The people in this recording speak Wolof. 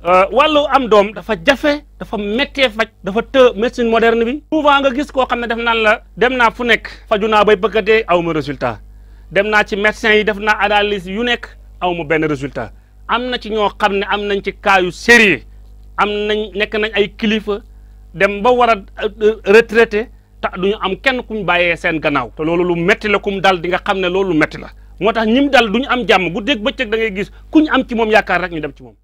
Euh, wàllu am doom dafa jafe dafa méttee faj dafa të médecine moderne bi souvent nga gis koo xam ne def naan la dem naa fu nekk faju naa bay bëkkatee aw ma résultat dem naa ci médecin yi def naa analyse yu nekk aw ma résultat am na ci ñoo xam ne am nañ ci cas yu sérieux am nañ nekk nañ ay kilifa dem ba war a euh, retraité te duñu am kenn kuñ bàyyee seen gannaaw te loolu lu métti la kum dal di nga xam ne loolu lu métti la moo tax ñim dal duñu am jàmm guddeeg bëccëg da ngay gis kuñ am ci moom yaakaar rek ñu dem ci moom